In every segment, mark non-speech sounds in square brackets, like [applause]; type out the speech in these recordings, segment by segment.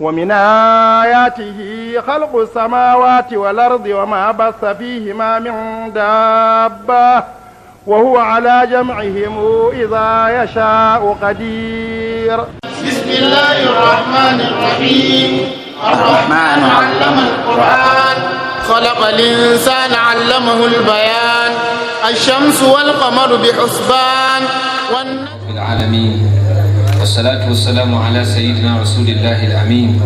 ومن آياته خلق السماوات والأرض وما بث فيهما من دابة وهو على جمعهم إذا يشاء قدير بسم الله الرحمن الرحيم الرحمن علم القرآن خلق الإنسان علمه البيان الشمس والقمر بحسبان والنجم العالمين والصلاة والسلام على سيدنا رسول الله الأمين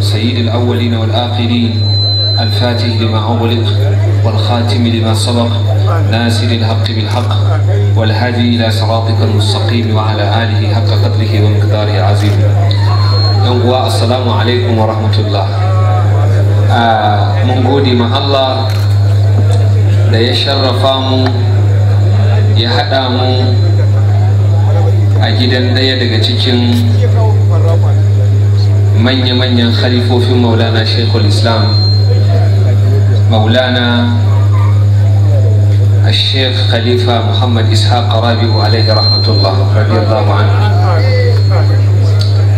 سيد الأولين والآخرين الفاتح لما أغلق والخاتم لما سبق ناسر الحق بالحق والهادي إلى صراطك المستقيم وعلى آله حق قدره ومقداره العظيم السلام عليكم ورحمة الله آه، من قولي مع الله da ya sharrafa a gidan ɗaya daga cikin manya-manyan khalifofin maulana shekul islam maulana a خليفة Khalifa Muhammad Ishaq Rabi'u رحمة rahmatullah رضي الله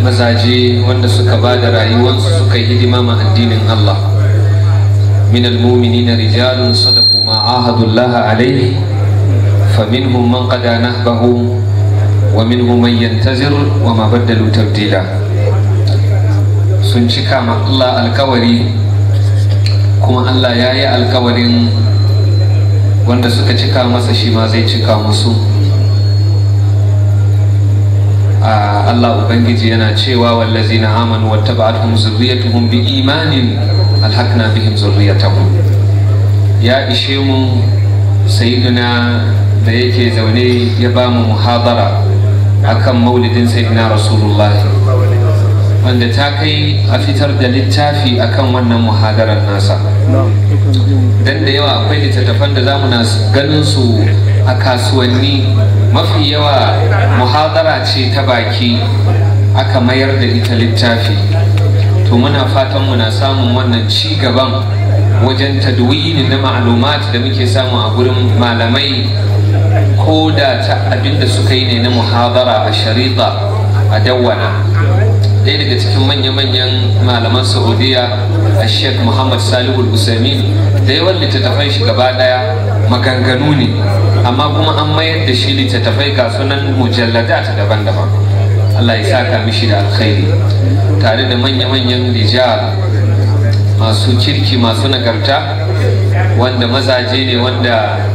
mazaje wanda suka ba da rayuwarsu suka yi hidima ma addinin Allah min na rijalun sadaqu ma alaihi fa alayhi faminhum man qada nahbahu ومنه من ينتظر وما بدلوا تبديلا sun cika ma Allah alkawari kuma Allah ya yi alkawarin wanda suka cika masa shi ma zai cika musu a Allah Ubangiji yana cewa wallazi na amanu wata ba'adhum zurriyatuhum bi imanin alhakna bihim zurriyatahum ya ishe mu saiduna da yake zaune ya ba mu muhabara akan maulidin sayyidina rasulullah wanda ta kai a fitar da littafi akan wannan muhadarar nasa dan da yawa akwai littattafan da zamu na ganin su a kasuwanni mafi yawa muhadara ce ta baki aka mayar da ita littafi to muna fatan muna samun wannan ci gaban wajen tadwini na ma'lumat da muke samu a gurin malamai ko da ta abinda suka yi ne na muhadara a shari'a a dawana ɗaya daga cikin manya-manyan malaman Saudiyya a sheikh muhammad salihu usami da yawan littattafan shi gaba ɗaya maganganu ne amma kuma an mayar da shi littattafai ga sunan ta daban-daban allah ya sa kami mishi da alkhairi tare da manya-manyan rijal masu kirki masu nagarta wanda mazaje ne wanda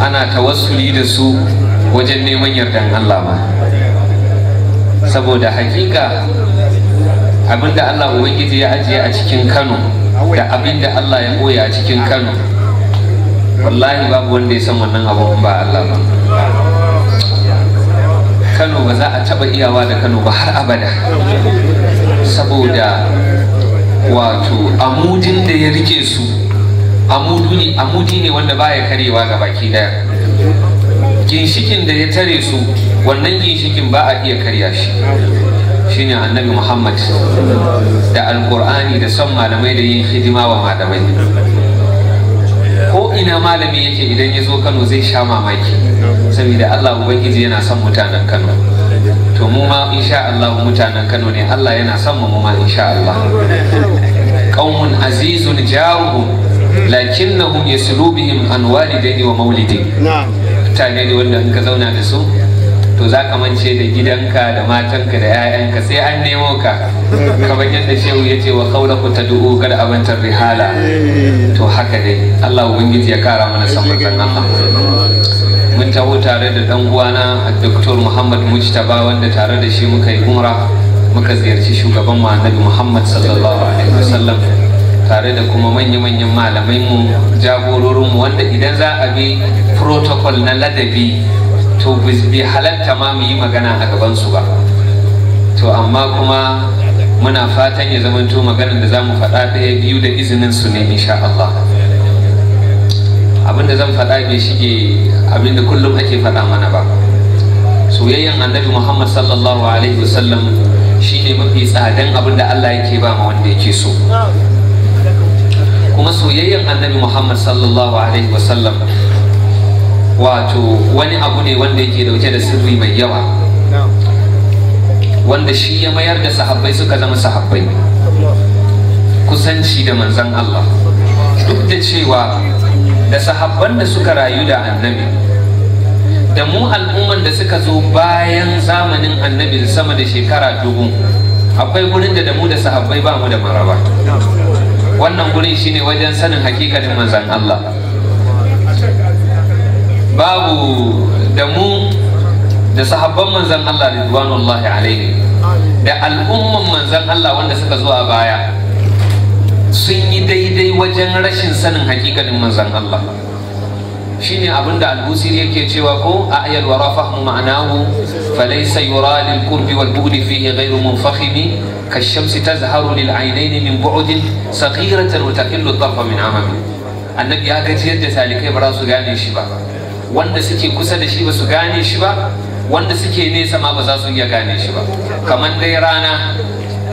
ana ta tawassuli da su wajen neman yardan Allah ba saboda hakika abinda Allah Ubangiji ya ajiye a cikin Kano da abinda Allah ya koya a cikin Kano wallahi babu wanda ya san wannan abun ba Allah ba Kano ba za a taba iyawa da Kano ba har abada saboda wato amudin da ya rike su amudi ne wanda baya karewa ga baki daya ginshikin da ya tare su wannan ginshikin ba a iya karya shi shine annabi muhammad da alkur'ani da son malamai da yin hidima wa malamai ko ina malami yake idan ya zo kano zai sha mamaki saboda allah ubangiji yana son mutanen kano to mu ma insha allah mutanen kano ne allah yana son mu ma insha allah qaumun azizun jaruhum lakinnahum yasulu bihim an walidaini wa maulidi mutane ne wanda in ka zauna da su to za ka mance da gidanka da matanka da 'ya'yanka sai an nemo ka [laughs] kamar yadda shehu ya ce wa kaura ku ta du'u kar abantar rihala eh. to haka dai Allah ubangiji ya kara mana samarkan Allah mun taho tare da dan uwana Dr. Muhammad Mujtaba wanda tare da shi muka yi umra muka ziyarci shugaban mu Annabi Muhammad sallallahu alaihi wasallam tare da kuma manya-manyan malamai mu mu wanda idan za a bi protocol na ladabi to bai halatta ma mu yi magana a gabansu ba to amma kuma muna fatan ya zamanto maganar da za mu faɗa ɗaya biyu da izinin su ne insha Allah da zan faɗa bai shige abinda kullum ake faɗa mana ba soyayyen annabi muhammad sallallahu alaihi wasallam shi ne mafi tsadan da Allah yake ba ma wanda yake so kuma soyayyen annabi muhammad sallallahu alaihi wasallam wato wani abu ne wanda yake dauke da sirri mai yawa wanda shi ya mayar da sahabbai suka zama sahabbai kusanci da manzan Allah duk da cewa da sahabban da suka rayu da annabi da mu al'umman da suka zo bayan zamanin annabi sama da shekara dubu akwai wurin da da da sahabbai ba mu da maraba wannan shi shine wajen sanin hakikanin manzan Allah babu da mu da sahabban manzan Allah ridwanullahi alaihi da al'umman manzan Allah wanda suka zo a baya sun yi daidai wajen rashin sanin hakikanin manzan Allah shine abin da albusiri yake cewa ko a ma'anahu, wara sai ma'anahu falaysa yura lil qurbi wal ya fihi ghayru munfakhimi كالشمس تزهر للعينين من بعد صغيرة وتقل الطرف من عمم النبي يا كتير يد su gane shi ba. wanda suke kusa da shi ba su gane shi ba wanda suke nesa ma ba za su iya gane shi ba kamar dai rana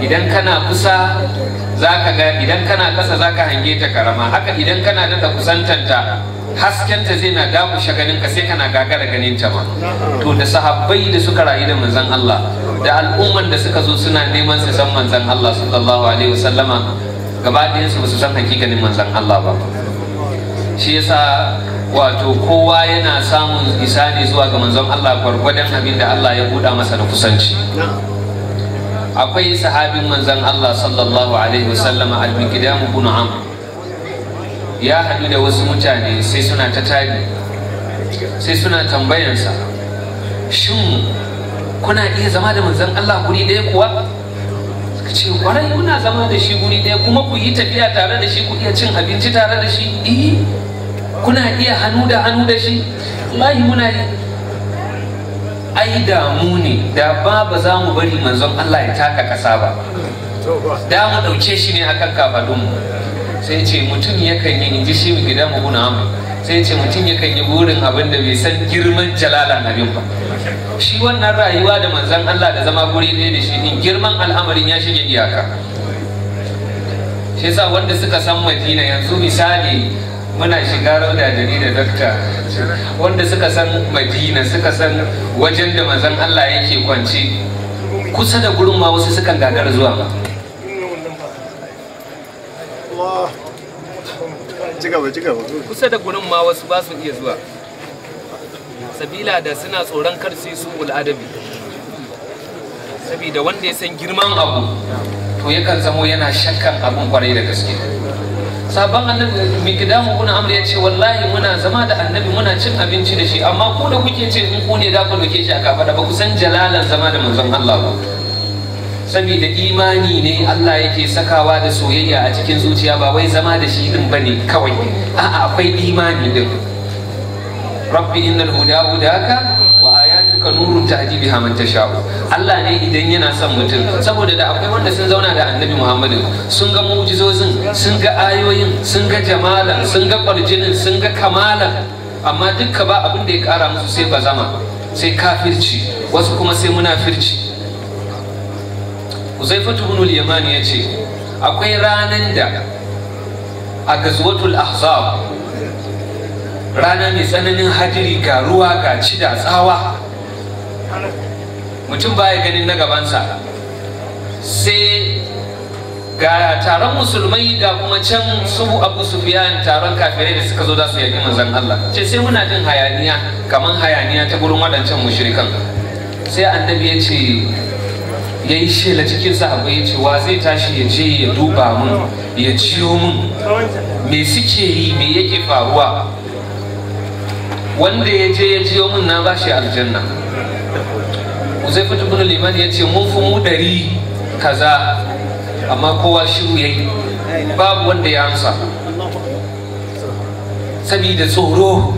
idan kana kusa zaka ga idan kana kasa zaka hange ta karama haka idan kana da kusantanta haskenta zai na dakushe ganin ka sai kana gagara ganin ta ma to da sahabbai da suka rayu da manzon Allah da al'umman da suka zo suna neman su san manzan Allah sallallahu alaihi wasallama gaba ɗayansu ba su san hakikanin manzan Allah ba shi yasa wato kowa yana samun isa ne zuwa ga manzon Allah gwargwadon abin da Allah ya buɗa masa da kusanci akwai sahabin manzan Allah sallallahu alaihi wasallama al-miqdam ibn amr ya haɗu da wasu mutane sai suna ta tari sai suna tambayansa shin kuna iya zama da manzon Allah guri ɗaya kuwa suka ce kwarai kuna zama da shi guri ɗaya kuma ku yi tafiya tare da shi ku iya cin abinci tare da shi eh kuna iya hannu da hannu da shi wallahi muna yi ai da mu ne da ba ba za mu bari manzon Allah ya taka kasa ba da mu ɗauke shi ne akan kafadunmu sai ce mutum yakan yi in ji shi gida mu guna amma sai ce mutum ya kan yi burin abin da bai san girman jalalan abin ba shi wannan rayuwa da manzan Allah da zama guri ɗaya da shi in girman al'amarin ya shige iyaka shi yasa wanda suka san madina yanzu misali muna shiga rauda da ni da dokta wanda suka san madina suka san wajen da manzan Allah yake kwance kusa da gurin ma wasu sukan gagara zuwa ba kusa da gurin ma wasu ba su iya zuwa sabila da suna tsoron kar su yi su sabida wanda ya san girman abu to yakan zamo yana shakkan abin kwarai da gaske sabon annabi mikidamu kuna amri ya ce wallahi muna zama da annabi muna cin abinci da shi amma ku da kuke ce in ku ne za ku doke shi a kafa da ba ku san jalalan zama da manzon Allah ba saboda imani ne Allah yake sakawa da soyayya a cikin zuciya ba wai zama da shi din bane kawai a akwai imani din rabbi innal huda hudaka wa ayatuka nurun tahdi biha man tasha Allah ne idan yana son mutum saboda da akwai wanda sun zauna da annabi Muhammadu sun ga mu'jizozin sun ga ayoyin sun ga jamalan sun ga barjinin sun ga kamalan amma dukka ba abin da ya kara musu sai bazama sai kafirci wasu kuma sai munafirci Huzaifatu ibn al ya ce, akwai ranan da a gazwatul ahzab rana mai tsananin hadiri ga ruwa ga cida tsawa mutum baya ganin na gabansa sai ga taron musulmai ga kuma can su abu sufiyan taron kafirai da suka zo za su yaƙi manzan Allah ce sai muna jin hayaniya kamar hayaniya ta gurin waɗancan mushrikan sai annabi ya ce ya yi shela cikin sahabbai ya ce wa zai tashi ya je ya duba mun ya ciyo mun me suke yi me yake faruwa wanda ya je ya ciyo mun na ba shi aljanna zai fito bin liman ya ce mun fi mu ɗari kaza amma kowa shiru ya yi babu wanda ya amsa sabida tsoro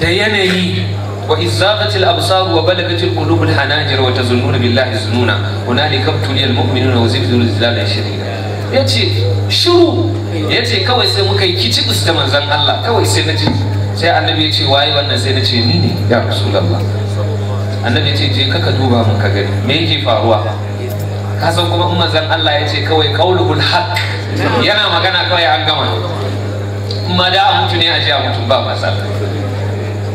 da yanayi وإذ الأبصار وبلغت القلوب الحناجر وتظنون بالله الظنونا هنالك ابتلي المؤمنون وزلزلوا زلزالا شديدا yace shiru yace kawai sai muka yi kicibus da manzon Allah kawai sai naji sai annabi yace wai wannan sai nace ni ne ya rasulullah annabi yace je kaka duba mun ka gani me yake faruwa ka san kuma in manzon Allah yace kawai qaulul haqq yana magana kawai an gama amma da a a ji a mutu ba masa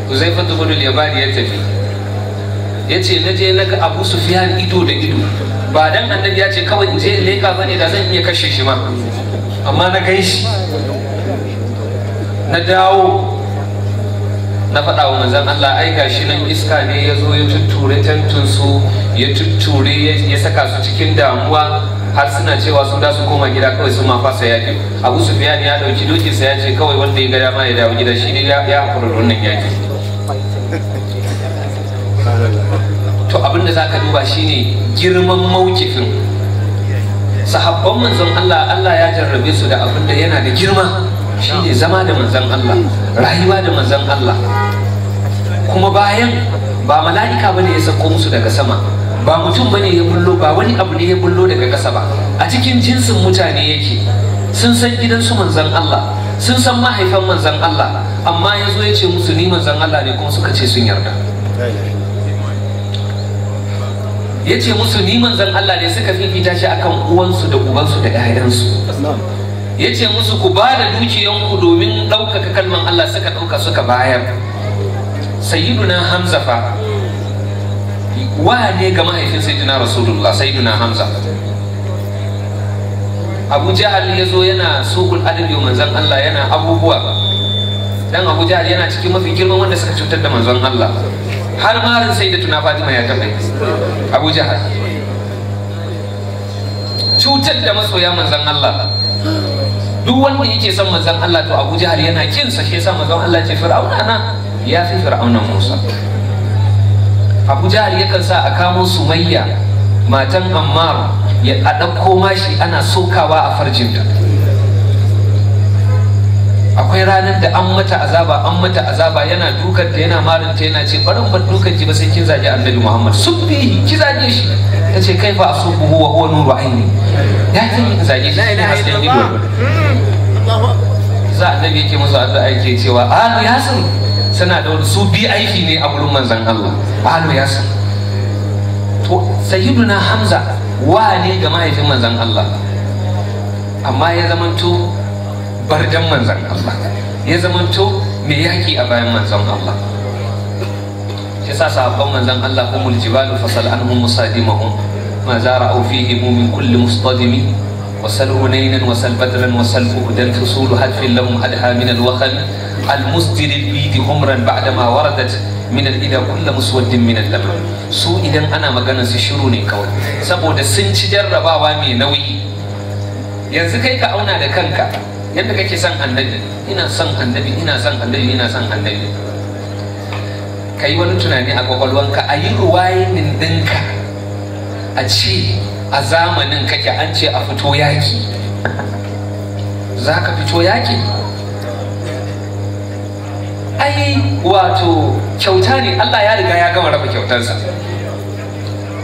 huzaifa ibn al-yamani ya tafi Ya ce na je naga abu sufyan ido da ido ba dan annabi ya ce kawai in je leka bane da zan iya kashe shi ma amma na gan shi na dawo na faɗa wa manzan Allah ai gashi nan iska ne ya zo ya tutture su ya tutture ya saka su cikin damuwa har suna cewa su da su koma gida kawai sun ma fasa yaƙi abu sufiyan ya ɗauki dokinsa ya ce kawai wanda ya ga dama ya dawo gida shi ne ya haƙura wannan yaƙi abin za ka duba shine girman maukifin sahabban manzon Allah Allah ya jarrabe su da abin da yana da girma shine zama da manzon Allah rayuwa da manzon Allah kuma bayan ba mala'ika bane ya sako musu daga sama ba mutum bane ya bullo ba wani abu ne ya bullo daga ƙasa ba a cikin jinsin mutane yake sun san gidansu manzon Allah sun san mahaifan manzon Allah amma ya ya ce musu ni manzon Allah ne kuma suka ce sun yarda ya ce musu ni manzan Allah ne suka fita shi akan uwansu da ubansu da 'ya'yansu ya ce musu ku ba da dukiyanku domin ɗaukaka kalman Allah suka ɗauka suka bayar sayyiduna hamza fa wane ne ga mahaifin sayyiduna rasulullah sayyiduna hamza abu jahal ya zo yana sukul adabi manzan Allah yana abubuwa dan abu jahal yana cikin mafi girman wanda suka cutar da manzan Allah har marin sai da tuna fatima ya taɓa abu jahar cutar da masoya manzan allah duk wanda yake son manzan allah to abu jahar yana kin sa shi yasa manzan allah ce fir'auna na ya fi fir'auna musa abu jahar yakan sa a kamo sumayya matan ammar ya a ɗauko mashi ana sokawa a farjinta akwai ranar da an mata azaba an mata azaba yana dukar da yana marinta yana ce barin ban dukar ji ba sai kin zage annabi muhammad sun bihi ki zage shi ta ce kai fa su buhu wa huwa nuru aini ya ki zaje zage shi ne hasken ido za annabi yake musu addu'a yake cewa alu yasin suna da wani su bi aiki ne a gurin manzan allah alu yasin to sayyiduna hamza wa ne ga mahaifin manzan allah amma ya zamanto barjan manzan Allah ya zamanto mai yaki a bayan manzan Allah ya sa manzan Allah umul jibalu fasal an hun a ra'u fi himu min kulli mustadimi wasal hunainan wasal badran wasal uhudan fusulu hadfin lahum adha min alwakhal shiru ne kawai. Saboda sun ci jarrabawa كل nauyi. Yanzu kai ka auna da kanka. yadda kake son annabi ina son annabi ina son annabi ina son annabi ka yi wani tunani a kwakwalwanka a yi ruwayin dinka a ce a zamanin kake an ce a fito yaki za ka fito yaki ai wato kyauta ne allah ya riga ya gama raba kyautarsa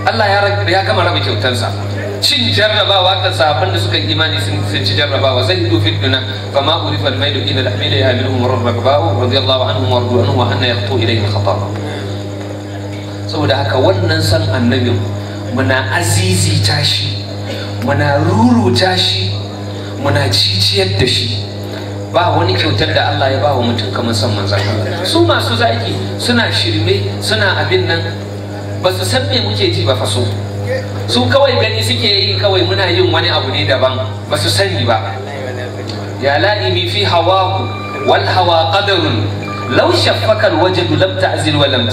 allah ya gama raba kyautarsa cin jarrabawa kan sahabban da suka imani sun ci jarrabawa zai idu fitna fa ma urifa al maidu ila al hamila ya radiyallahu wa khatar saboda haka wannan san annabin muna azizi tashi muna ruru tashi muna ciciyar da shi ba wani kyautar da Allah ya ba wa mutum kamar san manzan su masu zaki suna shirme suna abin nan ba su san me muke ji ba fa so. su kawai gani suke yi kawai muna yin wani abu ne daban ba su sani ba ya la'imi fi hawaku wal hawa qadarun law fakar al lam ta'zil wa lam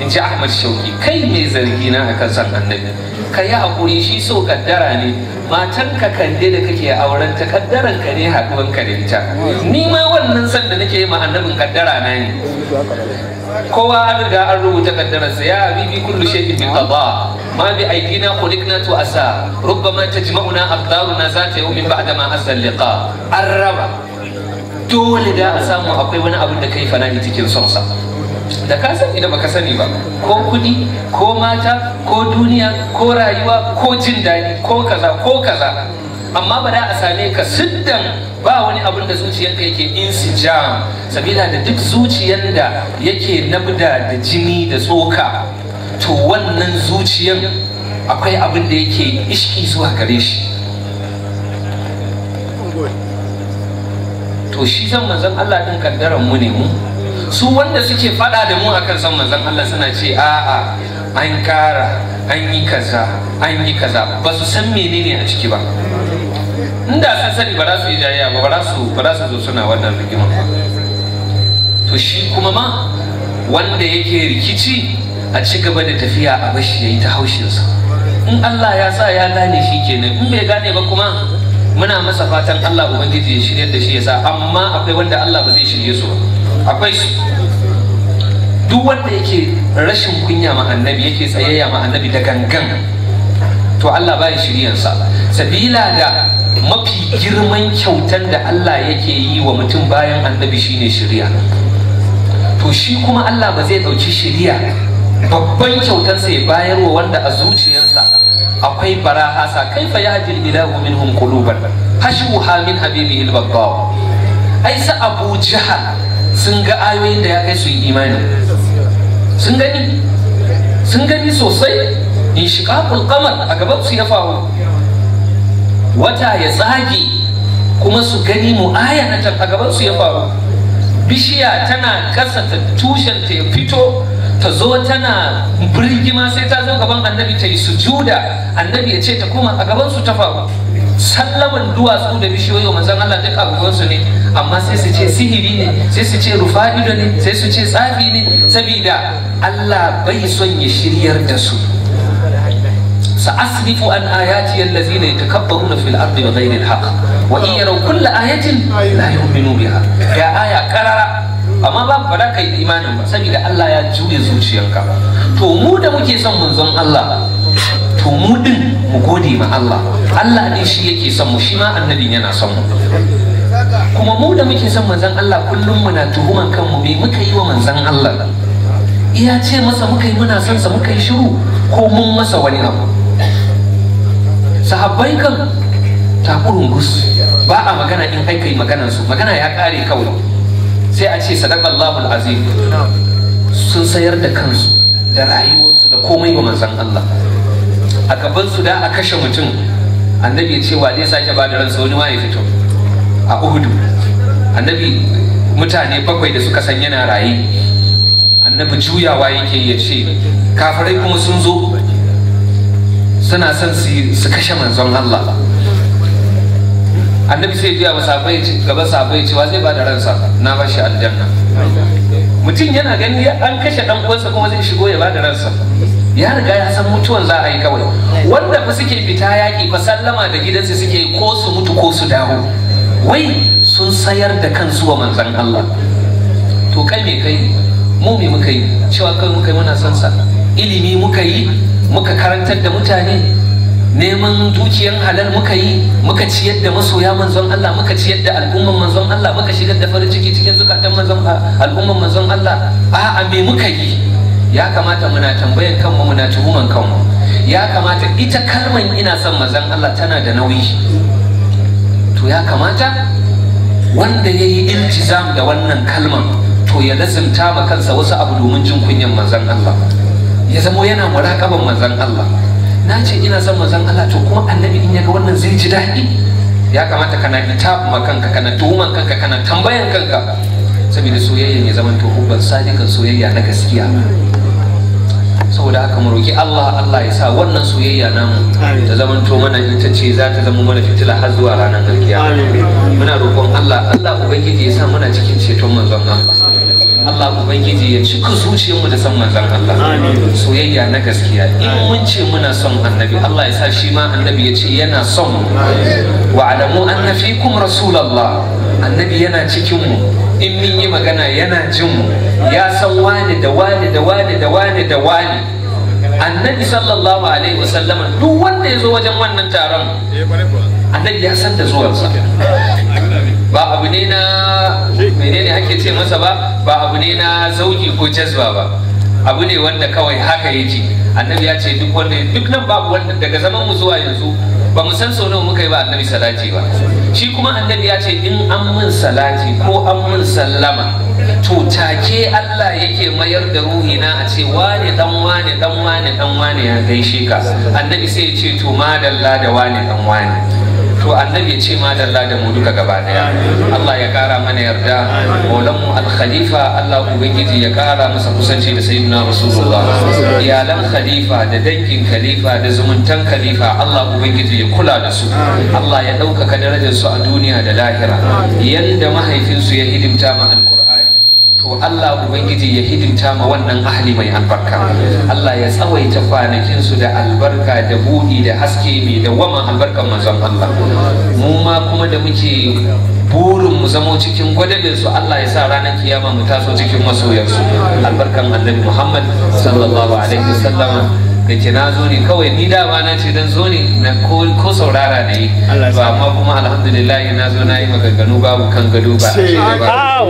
in ji ahmad shauki kai mai zargi na akan san annabi ka yi hakuri shi so kaddara ne matan ka kande da kake auren ta kaddaran ka ne haɗuwan ka da ita ni ma wannan san da nake yi ma annabin kaddara na ne kowa an riga an rubuta sa, ya habibi kullu shay'in bi qada ma bi aidina khuliqna tu asa rubbama tajma'una aqdaruna zata yawmin ba'da ma asal liqa arraba dole da a samu akwai wani abu da kai fana'i cikin son da ka sani da baka sani ba ko kudi ko mata ko duniya ko rayuwa ko jin daɗi ko kaza ko kaza amma ba da a same ka siddan ba wani abin da zuciyarka yake insijam sabila da duk zuciyar da yake nabda da jini da tsoka to wannan zuciyar akwai abin da yake ishki zuwa gare shi to shi zan manzon Allah din kaddaran mu ne mu su wanda suke fada da mu akan son manzon Allah suna ce a'a an kara an yi kaza an yi kaza ba su san menene a ciki ba inda san sani ba za su yi jayya ba ba ba za su zo suna wannan rigima ba to shi kuma ma wanda yake rikici a ci gaba da tafiya a bashi yayi ta haushinsa in Allah ya sa ya gane shi kenan in bai gane ba kuma muna masa fatan Allah ubangiji ya shiryar da shi ya sa amma akwai wanda Allah ba zai shirye su ba akwai su duk wanda yake rashin kunya ma annabi yake tsayayya ma annabi da gangan to Allah ba shiryansa sabila da mafi girman kyautan da Allah yake yi wa mutum bayan annabi shine shirya to shi kuma Allah ba zai ɗauki shirya babban sa ya bayar wa wanda a zuciyarsa akwai barahasa kaifa ya ajil ilahu minhum quluban ha min habibi al baqaw ai sa abu jahal sun ga ayoyin da ya kai su yi imani sun gani sun gani sosai in shiga kamar a gaban su ya faru wata ya tsage kuma su gani mu ayanatan a gaban su ya faru bishiya tana kasa ta tushen ta ya fito ta zo tana birgima sai ta zo gaban annabi ta yi su juda, annabi ya ce ta kuma a gaban su ta faru sallaman duwatsu da bishiyoyi manzan Allah duk su ne amma sai su ce sihiri ne sai su ce rufa'ido ne sai su ce tsafi ne saboda Allah bai son ya shiryar da su سأصرف عن آياتي na يتكبرون في الأرض بغير wa in yaraw kull ayatin la yu'minu biha ya aya كررة amma ba ba kai imanin ba saboda Allah ya juye zuciyarka to mu da muke son manzon Allah to mu gode ma Allah Allah din shi yake son mu shi ma annabin yana son mu kuma mu da muke son manzon Allah kullum muna tuhuman kanmu me muka yi wa manzon Allah iya ce masa muka yi muna son sa muka yi shiru ko mun masa wani abu sahabbai kan takurin gus ba a magana in kai kai maganar su magana ya kare kawai sai a ce sadaqallahu alazim sun sayar da kansu da rayuwarsu da komai wa manzon Allah a gaban su da a kashe mutum annabi ce wa zai sake ba da ransa wani ma ya fito a uhudu annabi mutane bakwai da suka san yana raye annabi juyawa yake ya ce kafirai kuma sun zo suna son su kashe manzon Allah annabi sai biya wa sabai gaba sabai cewa zai ba da ransa na bashi aljanna mutum yana gani an kashe dan uwansa kuma zai shigo ya ba da ransa ya riga ya san mutuwan za a yi kawai wanda fa suke fita yaƙi fa sallama da gidansu suke ko su mutu ko su dawo wai sun sayar da kansu wa manzan Allah to kai me kai mu me muka yi cewa kai muka yi muna son sa ilimi muka yi muka karantar da mutane neman dukiyar halal muka yi muka ciyar da masoya manzon Allah muka ciyar da al'umman manzon Allah muka shigar da farin ciki cikin zukatan manzon al'umman manzon Allah a'a me muka yi ya kamata muna tambayan kanmu muna tuhuman kanmu ya kamata ita kalman ina son mazan Allah tana da nauyi to ya kamata wanda ya yi iltizam da wannan kalman to ya lazimta ma kansa wasu abu domin jin kunyan mazan Allah ya zamo yana muraƙaban mazan Allah na ce ina son mazan Allah to kuma annabi in ya ga wannan zai ji daɗi ya kamata kana ita ma kanka kana tuhuman kanka kana tambayan kanka saboda soyayya ya zaman tuhuban sadikan soyayya na gaskiya saboda haka mu roki Allah Allah ya sa wannan soyayya namu ta zamanto mana ita ce za ta zama mana fitila har zuwa ranar gaskiya muna roƙon Allah Allah ubangiji ya sa muna cikin ceton manzon Allah Allah Ubangiji ya ci cika zuciyarmu da san manzon Allah soyayya na gaskiya in mun ce muna son annabi Allah ya sa shi ma annabi ya ce yana son mu wa alamu anna fikum rasulallah annabi yana cikin mu in mun yi magana yana jin mu ya san wani da wani da wani da wani da wani annabi sallallahu alaihi wasallam duk wanda ya zo wajen wannan taron annabi ya san da zuwansa ba abu ne na menene ake ce masa ba ba abu ne na zauki ko jazba ba abu ne wanda kawai haka ya ji annabi ya ce duk wanda duk nan babu wanda daga zaman mu zuwa yanzu ba mu san sau nawa muka yi ba annabi salati ba shi kuma annabi ya ce in an mun salati ko an mun sallama to take Allah yake mayar da ruhina a ce wane dan wane dan wane dan wane ya gaishe ka annabi sai ya ce to madalla da wane dan wane to annabi ce ma Allah da mu duka gaba daya Allah ya kara mana yarda maulan mu al-khalifa Allah ubangiji ya kara masa kusanci da sayyidina rasulullah iyalan khalifa da dangin khalifa da zumuntan khalifa Allah ubangiji ya kula da su Allah ya ɗaukaka darajar su a duniya da lahira yanda mahaifinsu ya hidimta ma to Allah Ubangiji ya hidinta ma wannan ahli mai albarka Allah ya tsawaita kwanakinsu da albarka da buɗi da haske mai dawama albarkan manzon Allah mu ma kuma da muke burin mu zamo cikin gwadabinsu Allah ya sa ranar kiyama mu taso cikin masoyansu albarkan annabi Muhammad sallallahu alaihi wasallam da na zo ne kawai ni ba na ce dan zo ne na ko saurara na yi ba amma kuma alhamdulillah na zo na yi maganganu babu kan gado ba ah,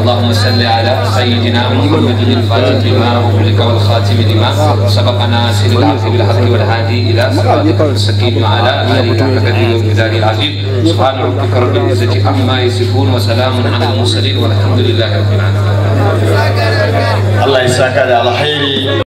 Allahumma salli ala sayyidina Muhammadin al-Fatih lima wa lika wal khatim lima sabaqana sidil afi haqqi wal hadi ila sabaqatil sakin wa ala alihi wa sahbihi wa bidari azim subhanahu wa ta'ala rabbil izzati amma yasifun wa salamun ala al-mursalin walhamdulillahi rabbil alamin الله يسعدك على خيري